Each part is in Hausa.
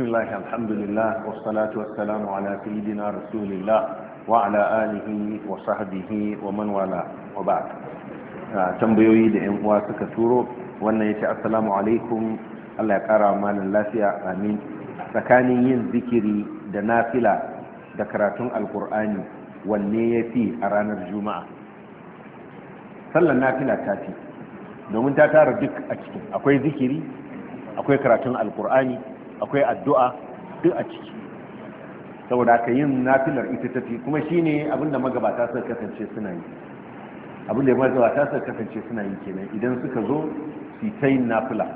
بسم الله الحمد لله والصلاة والسلام على سيدنا رسول الله وعلى آله وصحبه ومن والاه وبعد tambayoyi da yan uwa suka turo wannan yace assalamu alaikum Allah ya kara malan lafiya amin tsakanin yin zikiri da nafila da karatun alkur'ani wanne ya fi a ranar juma'a sallar nafila ta fi ta tara duk a cikin akwai karatun alkur'ani akwai addu'a duk a ciki saboda ka yin nafilar ita tafi kuma shi ne abinda magabata suka kasance suna yi abinda magabata suka kasance suna yi kenan idan suka zo su ta yin nafila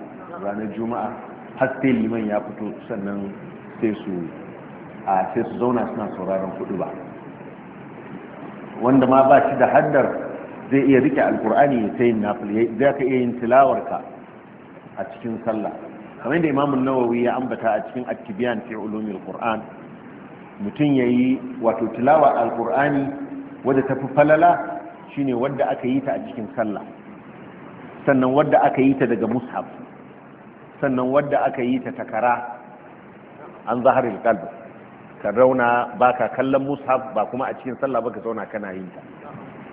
ranar juma'a haske liman ya fito sannan sai su sai su zauna suna sauraron kudu ba wanda ma ba shi da haddar zai iya rike alkur'ani ya ta yin nafila zai ka iya yin tilawarka a cikin sallah kamar da imamun nawawi ya ambata a cikin attibiyan fi al qur'an mutum ya yi wato tilawa al al-qur'ani wadda ta fi falala shine wadda aka yi ta a cikin sallah sannan wadda aka yi ta daga mushaf sannan wadda aka yi ta takara an zahar qalb ka rauna baka kallon mushaf ba kuma a cikin sallah ba ka zauna kana yin ta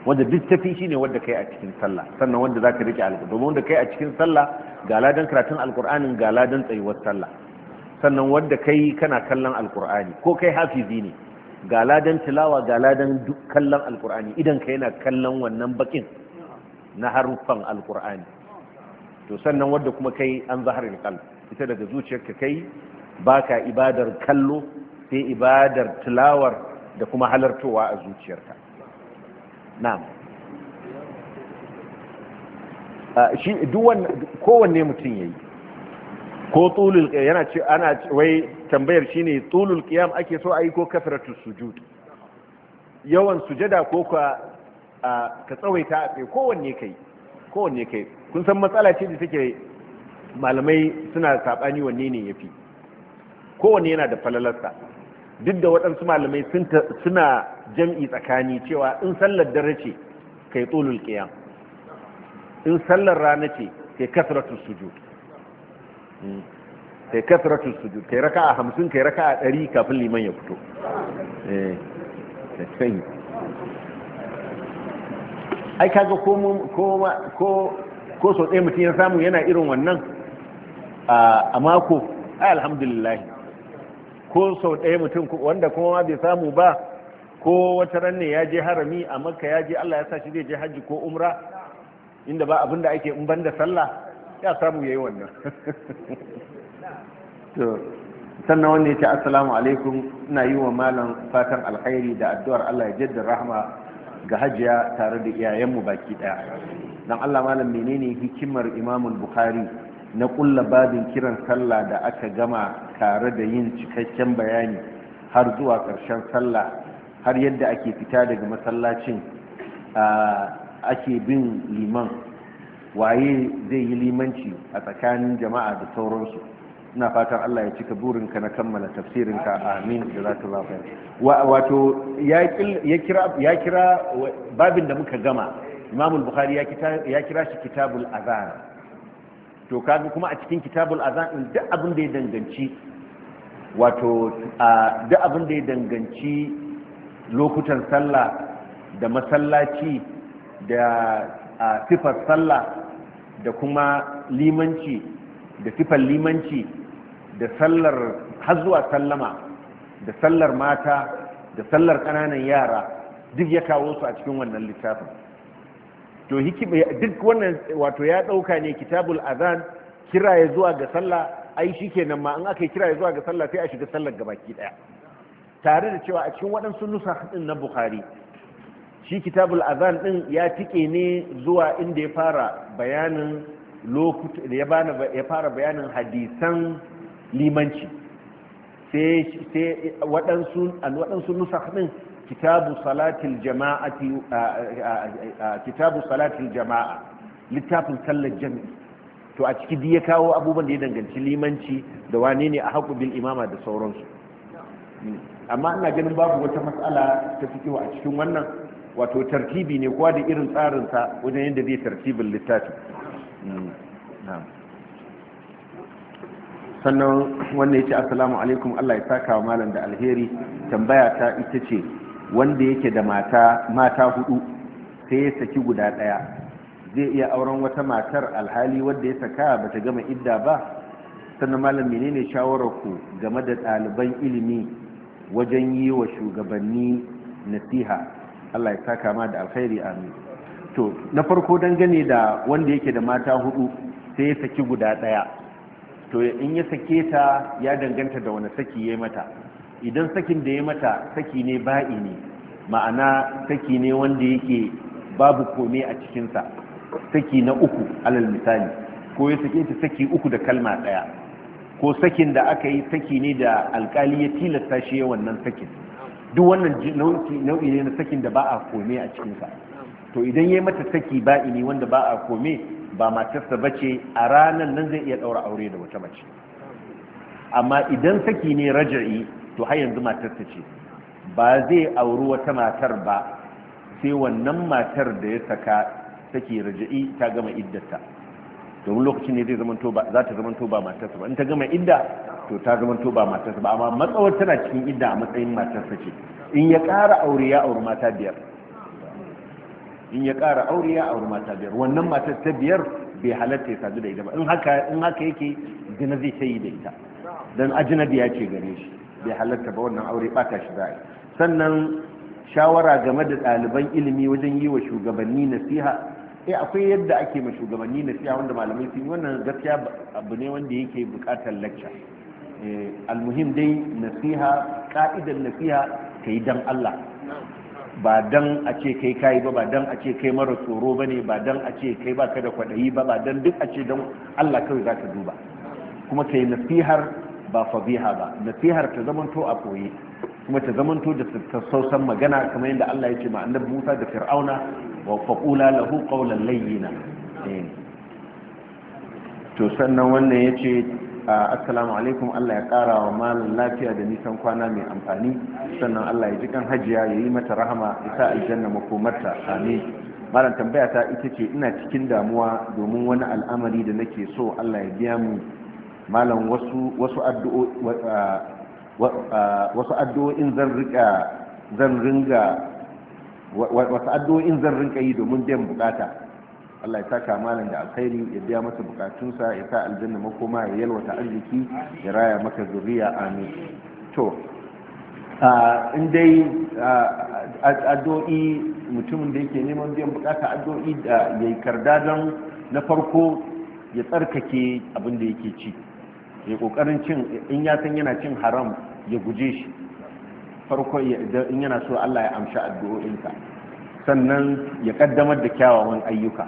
wanda duk tafi shine wanda kai a cikin sallah sannan wanda zaka rike alƙur'ani domin wanda kai a cikin sallah ga ladan karatun alƙur'anin ga ladan tsayuwar sallah sannan wanda kai kana kallon alƙur'ani ko kai hafizi ne ga ladan tilawa ga ladan kallon alƙur'ani idan ka yana kallon wannan bakin na haruffan alƙur'ani to sannan wanda kuma kai an zahar kal ita daga zuciyarka kai baka ibadar kallo sai ibadar tilawar da kuma halartowa a zuciyarka na'am ah, shi duwan kowanne mutum yayi ko tulul eh, yana ce ana wai tambayar shine tulul qiyam ake so ayi ko kasratu sujud yawan sujada ko ka ka tsawaita a tsaye kowanne kai kowanne kai kun san matsala ce da take malamai suna sabani wanne ne yafi kowanne yana da falalarsa duk da waɗansu malamai suna jam'i tsakani cewa in sallar dare ce kai tsulul qiyam in sallar rana ce kai kasratu sujud hmm. kai kasratu sujud kai raka'a 50 kai raka'a 100 kafin liman ya fito eh sai ai kaga ko ko ko so ɗaya mutum ya samu yana irin wannan a mako ai alhamdulillah ko sau ɗaya mutum wanda kuma ma bai samu ba ko wata ran ne ya je harami a makka ya je Allah ya sa shi zai je hajji ko umra inda ba abinda ake in banda sallah ya samu yayi wannan to sannan wanda ya assalamu alaikum ina yi wa malam fatan alkhairi da addu'ar Allah ya jaddar rahma ga hajiya tare da iyayenmu baki daya dan Allah malam menene hikimar Imam Bukhari na kulla babin kiran sallah da aka gama tare da yin cikakken bayani har zuwa ƙarshen sallah har yadda ake fita daga masallacin ake bin liman waye zai yi limanci a tsakanin jama'a da sauransu ina fatan Allah ya cika burinka na kammala tafsirinka amin da za ta zafa wato ya kira babin da muka gama imamul bukhari ya kira shi kitabul azan to kaga kuma a cikin kitabul azan duk abin da ya danganci wato duk abin da ya danganci lokutan sallah da masallaci da sifar sallah da kuma limanci da sifar limanci da sallar har sallama da sallar mata da sallar ƙananan yara duk ya kawo su a cikin wannan littafin to duk wannan wato ya ɗauka ne kitabul azan kira ya zuwa ga sallah ai shi kenan ma an aka kira ya zuwa ga sallah sai a shiga sallar gabaki ɗaya tare da cewa a cikin waɗansu nusa ɗin na bukhari shi kitabul azan ɗin ya tike ne zuwa inda ya fara bayanin lokuta ya fara bayanin hadisan limanci sai waɗansu nusa ɗin kitabu salatil jama'a littafin sallar jami'i to a ciki ya kawo abubuwan da ya danganci limanci da wane ne a haƙubin imama da sauransu amma ina ganin babu wata matsala ta fikihu a cikin wannan wato tartibi ne kuwa da irin tsarinsa wajen yadda zai tartibin littafi mm, sannan wannan ya ce assalamu alaikum allah ya saka wa malam da alheri tambaya ta ita ce wanda yake da mata mata hudu sai ya saki guda daya zai iya auren wata matar alhali wadda ya saka ba ta gama idda ba sannan malam menene shawararku game da ɗaliban ilimi wajen yi wa shugabanni nasiha Allah ya saka ma da alkhairi amin to na farko dangane da wanda yake da mata hudu sai ya saki guda daya to in ya sake ta ya danganta da wani saki ya mata idan sakin da ya mata saki ne ba'i ne ma'ana saki ne wanda yake babu kome a cikinsa saki na uku alal misali ko ya sake ta saki uku da kalma daya ko sakin da aka yi saki ne da alkali ya tilasta shi ya wannan sakin duk wannan nau'i ne na sakin da ba a kome a cikinsa to idan ya yi mata saki ba ini wanda ba a kome ba matarsa ba ce a ranar nan zai iya ɗaura aure da wata mace amma idan saki ne raja'i to har yanzu matarsa ce ba zai auri wata matar ba sai wannan matar da ya saka saki raja'i ta gama iddata domin lokacin ne zai zamanto ba za ta to ba matarsa ba in ta gama idda to ta to ba matarsa ba amma matsawar tana cikin idda a matsayin matarsa ce in ya ƙara aure ya auri mata biyar in ya ƙara aure ya auri mata biyar wannan matar ta biyar bai halatta ya sadu da ita ba in haka in haka yake zina zai sayi da ita dan ya ce gare shi bai halatta ba wannan aure ba ta shi za'a sannan shawara game da ɗaliban ilimi wajen yi wa shugabanni nasiha eh akwai yadda ake ma shugabanni na siya wanda malamai sun yi wannan gaskiya abu ne wanda yake bukatar lecture eh, almuhim dai nasiha ka'idar nasiha kai dan Allah ba dan a ce kai kai ba ba dan a ce kai mara tsoro ba ne ba dan a ce kai ba da kwaɗayi ba ba dan duk a ce dan Allah kawai za ka duba kuma kai nasihar ba fabiha ba nasihar ta zamanto a koyi kuma ta zamanto da sausan magana kamar yadda Allah ya ce ma annabi Musa da Fir'auna wa faqula lahu qawlan layyina to sannan wannan yace assalamu alaikum Allah ya kara wa malam lafiya da nisan kwana mai amfani sannan Allah ya ji kan hajiya yayi mata rahama ya sa aljanna makomarta amin malam tambaya ta ita ce ina cikin damuwa domin wani al'amari da nake so Allah ya biya mu malam wasu wasu addu'o wasu addu'o'in zan ringa wasu addu'o'in zan rinka yi domin biyan bukata Allah ya saka malam da alkhairi ya biya masa bukatunsa ya sa aljanna makoma ya yalwata arziki ya raya maka zuriya amin to in dai addu'o'i mutumin da yake neman biyan bukata addu'o'i da ya karda don na farko ya tsarkake abin da yake ci ya kokarin cin in ya san yana cin haram ya guje shi farko in yana so Allah ya amshi addu'o'inka sannan ya kaddamar da kyawawan ayyuka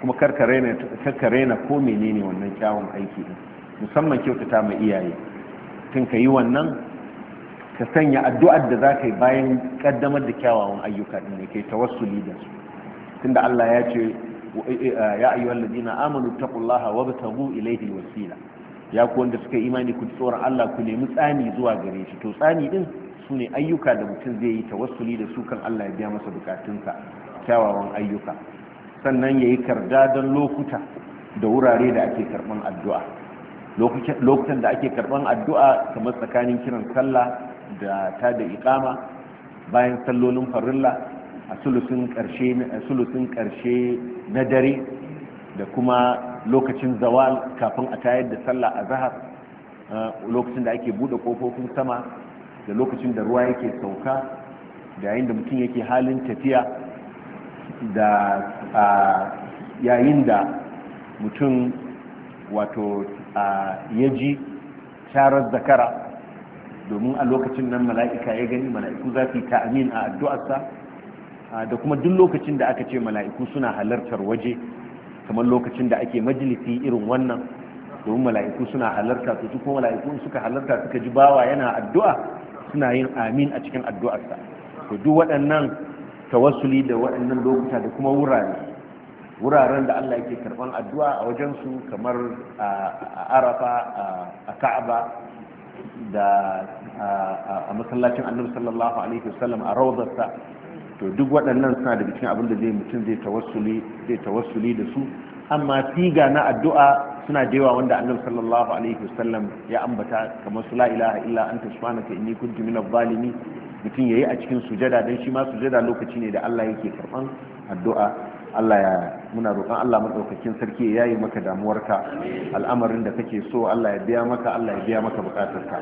kuma karkare na ko menene wannan kyawun aiki din musamman kyautata mai iyaye tun ka yi wannan ka sanya addu'ar da za ka yi bayan kaddamar da kyawawan ayyuka din ne tawassuli da su tunda Allah ya ce eh, eh, ya ayyuhal ladina amanu taqullaha wabtaghu ilayhi wasila. ya ku wanda suka imani ku tsoron Allah ku nemi tsani zuwa gare shi to tsani din su ne ayyuka da mutum zai yi tawassuli da su kan Allah ya biya masa bukatunsa kyawawan ayyuka sannan ya yi karda don lokuta da wurare da ake karɓar addu'a lokutan da ake karɓar addu'a kamar tsakanin kiran sallah da ta da iƙama bayan sallolin farilla a sulusin karshe na dare da kuma lokacin zawal kafin a tayar da sallah a zahar lokacin da ake bude kofofin sama da lokacin da ruwa yake sauka da yayin da mutum yake halin tafiya da yayin da mutum wato ya ji sharar zakara domin a lokacin nan mala'ika ya gani mala'iku za su yi ta'amin a addu'arsa da kuma duk lokacin da aka ce mala'iku suna halartar waje kamar lokacin da ake majalisi irin wannan domin mala'iku suna halarta su kuma mala'iku suka halarta suka ji bawa yana addu'a suna yin amin a cikin addu'arsa to duk waɗannan tawassuli da waɗannan lokuta da kuma wurare wuraren da Allah yake karban addu'a a wajen su kamar a Arafa a Ka'aba da a masallacin Annabi sallallahu alaihi wasallam a rawdarsa to duk waɗannan suna da cikin abin da zai mutum zai tawassuli da su amma siga na addu'a suna da yawa wanda annabi sallallahu alaihi wasallam ya ambata kamar su la ilaha illa anta subhanaka inni kuntu minaz zalimin mutum yayi a cikin sujada dan shi ma sujada lokaci ne da Allah yake karban addu'a Allah ya muna roƙon Allah maɗaukakin sarki ya yi maka damuwarka al'amarin da kake so Allah ya biya maka Allah ya biya maka bukatarka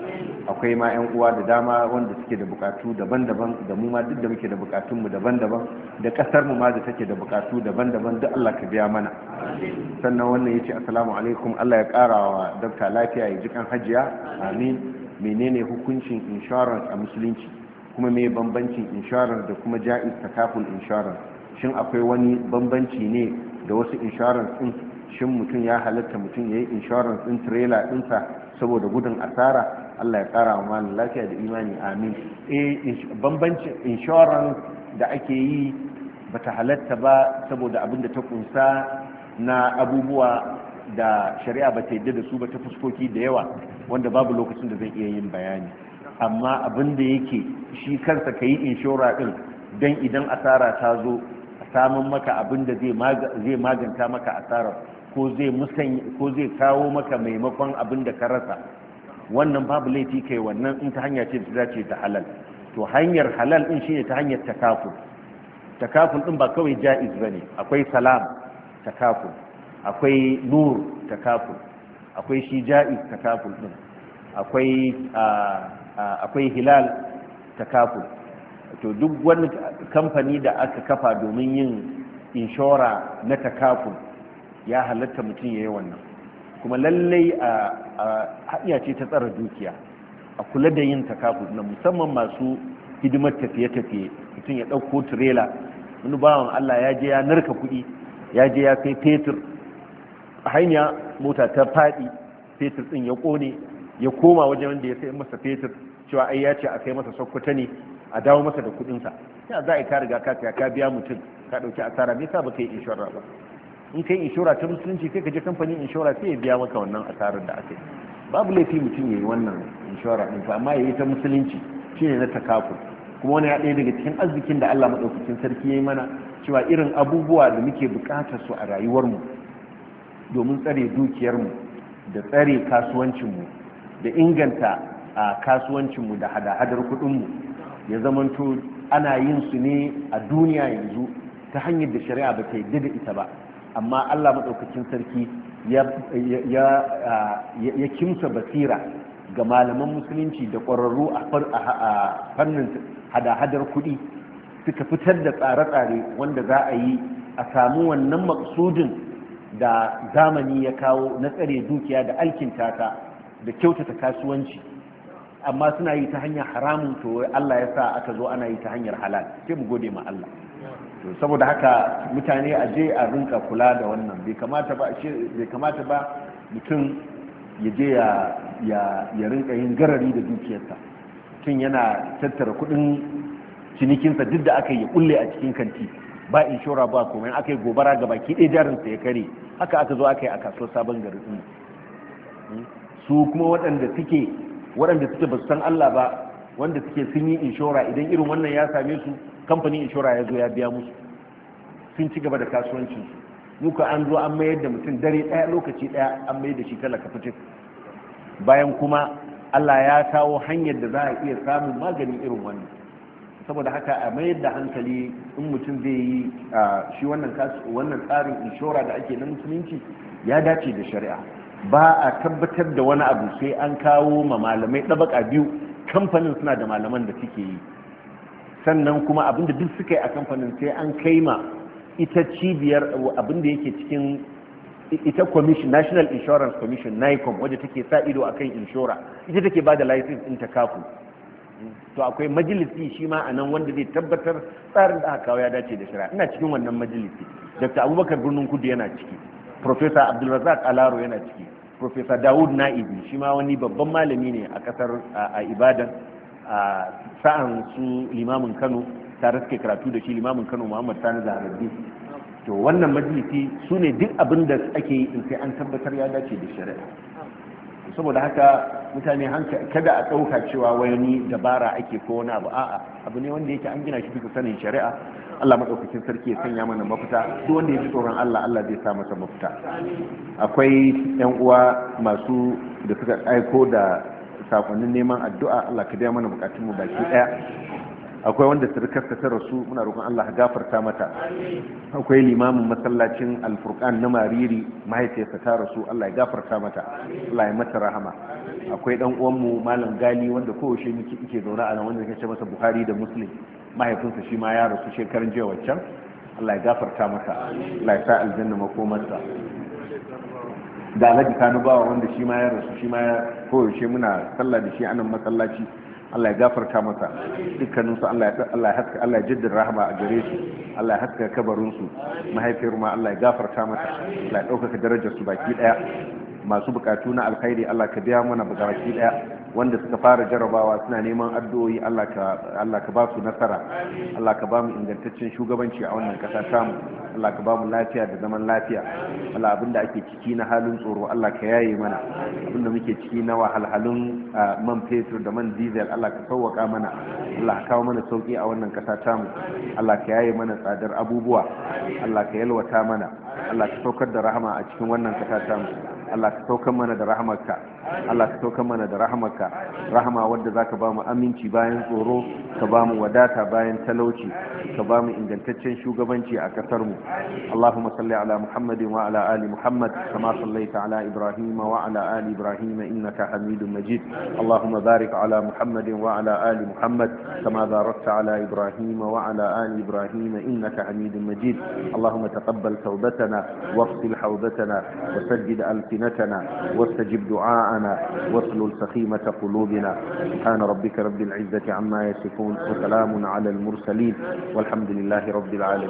akwai ma yan uwa da dama wanda suke da buƙatu daban-daban da mu ma duk da muke da buƙatunmu daban-daban da ƙasar mu ma da take da buƙatu daban-daban duk Allah ka biya mana sannan wannan yace assalamu alaikum Allah ya wa dakta lafiya ya ji kan hajiya amin menene hukuncin insurance a musulunci kuma me bambancin insurance da kuma jaiz takaful insurance shin akwai wani bambanci ne da wasu insurance din shin mutum ya halatta mutum ya yi insurance din tirela ɗinsa saboda gudun asara Allah ya kara wa malin lafiya da imani amin eh bambancin insurance da ake yi ba ta halatta ba saboda abin da ta kunsa na abubuwa da shari'a ba ta yadda da su ba ta fuskoki da yawa wanda babu lokacin da zan iya yin bayani amma abin da yake shi kansa ka yi inshora ɗin don idan asara ta zo samun maka abin da zai maganta maka asarar ko zai ko zai kawo maka maimakon abin da ka rasa wannan babu laifi kai wannan in ta hanya ce da dace ta halal to hanyar halal in shine ta hanyar takafun takafun din ba kawai jaiz ba ne akwai salam takafun akwai nur takafun akwai shi jaiz takaful din akwai ah, ah, hilal takaful to duk wani kamfani da aka kafa domin yin inshora na takafun ya halatta mutum ya yi wannan kuma lallai a haɗiya ce ta tsara dukiya a kula da yin takafu na musamman masu hidimar tafiye-tafiye mutum ya ɗauko tirela wani bawan allah ya je ya narka kuɗi ya je ya kai fetur a hanya mota ta faɗi fetur ɗin ya ƙone ya koma wajen wanda ya sai masa fetur cewa ai ya ce a kai masa sokoto ne a dawo masa da sa ya za a ka riga ka ka biya mutum ka dauki asara me yasa baka yi inshora ba in kai inshora ta musulunci sai ka je kamfanin inshora sai ya biya maka wannan asarar da aka yi babu laifi mutum ya wannan inshora fa amma ya ta musulunci shine na takafu kuma wani ya ɗaya daga cikin arzikin da Allah maɗaukakin sarki ya yi mana cewa irin abubuwa da muke buƙatar su a rayuwarmu domin tsare dukiyarmu da tsare kasuwancinmu da inganta a kasuwancinmu da hada-hadar kuɗinmu ya zamanto ana yin su ne a duniya yanzu ta hanyar da shari'a ba ta yadda da ita ba amma allah matsaukacin sarki ya kimsa basira ga malaman musulunci da ƙwararru a fannin hada-hadar kuɗi suka fitar da tsare-tsare wanda za a yi a samu wannan maksudin da zamani ya kawo na tsare dukiya da alkinta ta da kyautata kasuwanci amma suna yi ta hanyar haramun to Allah ya sa aka zo ana yi ta hanyar halal sai mu gode ma Allah to saboda haka mutane a je a rinka kula da wannan bai kamata ba bai kamata ba mutum ya je ya ya rinka yin garari da dukiyarsa tun yana tattara kuɗin cinikinsa duk da aka yi kulle a cikin kanti ba inshora ba komai aka yi gobara ga baki ɗaya jarinsa ya kare haka aka zo aka yi a kasuwar sabon garin hmm. hmm. su kuma waɗanda suke waɗanda suke ba san Allah ba wanda suke sun yi inshora idan irin wannan ya same su kamfanin inshora ya zo ya biya musu sun ci gaba da kasuwancin su muka an zo an mayar da mutum dare ɗaya lokaci ɗaya an mayar da shi kala fitin bayan kuma Allah ya kawo hanyar da za a iya samun maganin irin wannan saboda haka a mayar da hankali in mutum zai yi shi wannan tsarin inshora da ake na musulunci ya dace da shari'a ba a tabbatar da wani abu sai an kawo ma malamai ɗabaka biyu kamfanin suna da malaman da suke yi sannan kuma abinda duk suka yi a kamfanin sai an kai ma ita cibiyar abinda yake cikin ita commission national insurance commission nicom wadda take sa ido a kan inshora ita take ba da license ɗin kafu to akwai majalisi shi ma a nan wanda zai tabbatar tsarin da aka kawo ya dace da shari'a ina cikin wannan majalisi dr abubakar birnin kudu yana ciki Profesa abdulrazak alaro yana ciki Profesa dawud na'ibi shi ma wani babban malami ne a kasar a ibadan a sa'an su limamin kano tare suke karatu da shi limamin kano muhammad sani zaharabi to wannan majalisi su ne duk abin da ake yi in sai an tabbatar ya dace da shari'a saboda haka mutane kada a ɗauka cewa wani dabara ake ko wani abu a'a abu ne wanda yake an gina shi bisa sanin shari'a Allah madaukakin sarki ya sanya mana mafita duk wanda ya tsoron Allah Allah zai sa masa mafita akwai yan uwa masu da suka aiko da sakonnin neman addu'a Allah ka biya mana bukatun mu baki daya akwai wanda surukarta ta rasu muna roƙon Allah ya gafarta mata akwai limamin masallacin alfurqan na mariri mahaifiyarsa ta rasu Allah ya gafarta mata Allah ya mata rahama akwai dan uwanmu malam gali wanda kowace miki ke zaune a nan wanda yake ce masa Buhari da Muslim mahaifinsa shi ma ya rasu shekaran jiya waccan Allah ya gafarta mata Allah ya sa aljanna makomarsa da alhaji kanubawa wanda shi ma ya rasu shi ma ya kowace muna sallah da shi a nan masallaci Allah ya gafarta masa dukkaninsu Allah ya haska Allah ya jaddada rahama a gare su Allah ya haska kabarin su mahaifiyar ma Allah ya gafarta mata Allah ya ɗaukaka darajar su baki daya masu bukatu na alkhairi Allah ka biya mana bukatu daya wanda suka fara jarabawa suna neman addu'o'i Allah ka ba su nasara Allah ka ba mu ingantaccen shugabanci a wannan ƙasa tamu Allah ka ba mu lafiya da zaman lafiya Allah da ake ciki na halin tsoro Allah ka yaye mana abin da muke ciki na wahalhalun man fetur da man diesel Allah ka sauwaka mana Allah ka kawo mana sauki a wannan ƙasa tamu Allah ka yaye mana tsadar abubuwa Allah ka yalwata mana Allah ka saukar da rahama a cikin wannan ƙasa tamu Allah ka saukar mana da rahamarka Allah ka sauka mana da rahamarka rahama wadda zaka ba mu aminci bayan tsoro ka ba mu wadata bayan talauci ka ba mu ingantaccen shugabanci a kasar mu Allahumma salli ala Muhammadin wa ala ali Muhammad kama sallaita ala Ibrahim wa ala ali Ibrahim innaka Hamidum Majid Allahumma barik ala Muhammadin wa ala ali Muhammad kama barakta ala Ibrahim wa ala ali Ibrahim innaka Hamidum Majid Allahumma taqabbal tawbatana واغسل حوبتنا وسدد ألسنتنا واستجب دعاءنا أوهانا واسلل الفخيمة قلوبنا سبحان ربك رب العزة عما يصفون وسلام على المرسلين والحمد لله رب العالمين